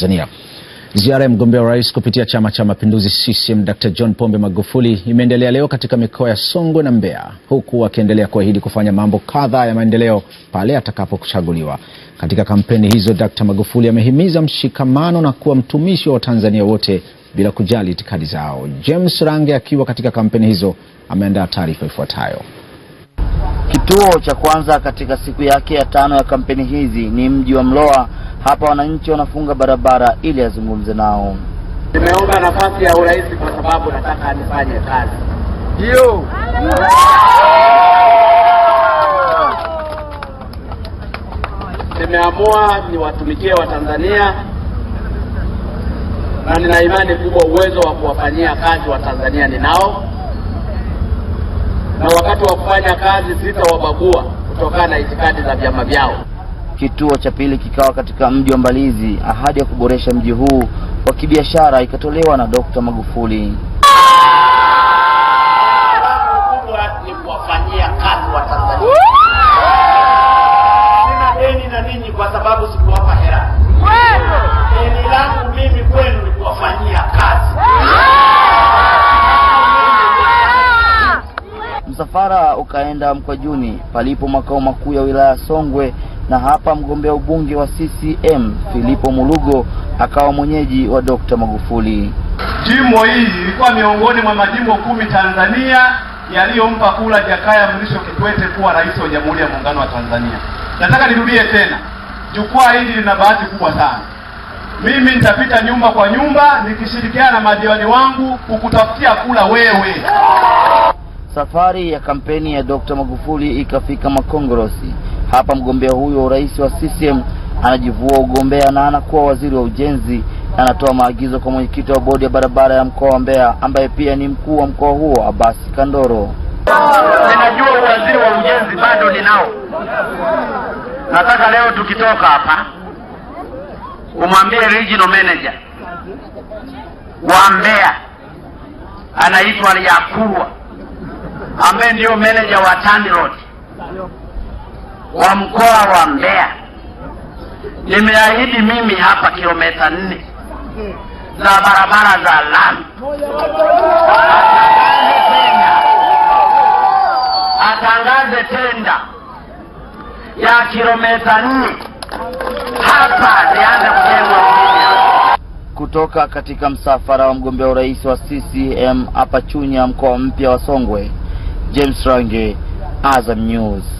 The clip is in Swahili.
Tanzania. Ziara ya mgombea wa rais kupitia Chama cha Mapinduzi CCM Dr. John Pombe Magufuli imeendelea leo katika mikoa ya Songwe na Mbeya huku akiendelea kuahidi kufanya mambo kadhaa ya maendeleo pale atakapochaguliwa. Katika kampeni hizo, Dr. Magufuli amehimiza mshikamano na kuwa mtumishi wa Watanzania wote bila kujali itikadi zao. James Range akiwa katika kampeni hizo ameandaa taarifa ifuatayo. Kituo cha kwanza katika siku yake ya tano ya kampeni hizi ni mji wa Mloa hapa wananchi wanafunga barabara ili azungumze nao. Nimeomba nafasi ya urais kwa sababu nataka nifanye kazi. hiyo. Nimeamua niwatumikie Watanzania na nina imani kubwa uwezo wa kuwafanyia kazi Watanzania ninao, na wakati wa kufanya kazi sitawabagua kutokana na itikadi za vyama vyao. Kituo cha pili kikawa katika mji wa Mbalizi. Ahadi ya kuboresha mji huu wa kibiashara ikatolewa na Dkt. Magufuli. Msafara ukaenda Mkwajuni palipo makao makuu ya wilaya Songwe na hapa mgombea ubunge wa CCM Filipo Mulugo akawa mwenyeji wa Dr. Magufuli. Jimbo hili ilikuwa miongoni mwa majimbo kumi Tanzania yaliyompa kula Jakaya Mrisho Kikwete kuwa rais wa Jamhuri ya Muungano wa Tanzania. Nataka nirudie tena, jukwaa hili lina bahati kubwa sana. Mimi nitapita nyumba kwa nyumba nikishirikiana na madiwani wangu kukutafutia kula wewe. Safari ya kampeni ya Dr. Magufuli ikafika Makongorosi. Hapa mgombea huyo urais wa CCM anajivua ugombea na anakuwa waziri wa ujenzi anatoa maagizo kwa mwenyekiti wa bodi ya barabara ya mkoa wa Mbeya ambaye pia ni mkuu wa mkoa huo Abasi Kandoro. Ninajua uwaziri wa ujenzi bado ninao. Nataka leo tukitoka hapa umwambie regional manager wa Mbeya anaitwa Yakurwa ambaye ndiyo manager wa Tandroad wa mkoa wa Mbeya. Nimeahidi mimi hapa kilomita nne za barabara za lami atangaze tenda ya kilomita nne hapa zianze kujengwa. Kutoka katika msafara wa mgombea urais wa CCM hapa Chunya, mkoa mpya wa Songwe, James Range, Azam News.